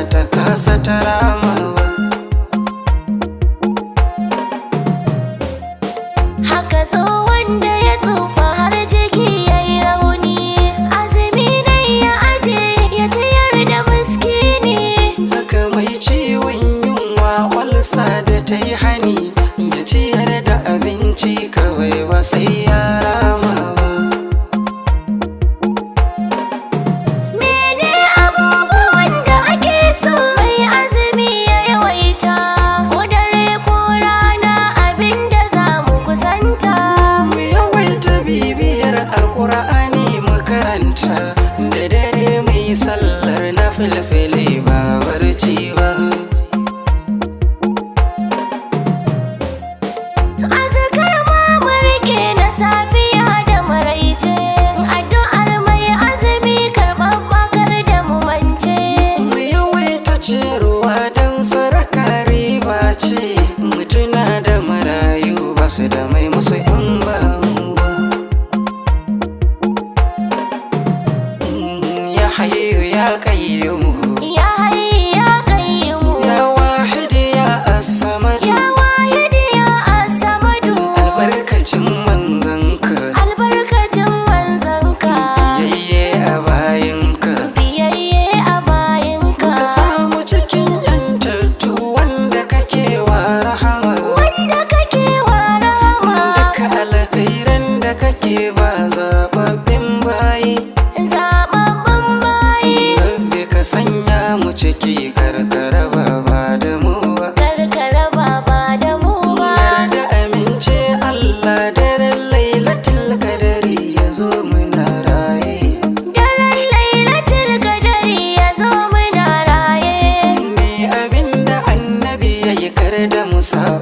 natakasa tarama ƙura'ani makaranta da dare mai sallar na filfili ba barci ba azakar ma marike na safiya da maraice addu'ar mai azumi karɓar bakar da mu mance mu yawaita ruwa don saraka riba ce mutuna da marayu ba su da mai hayu ya kayyumu ya closer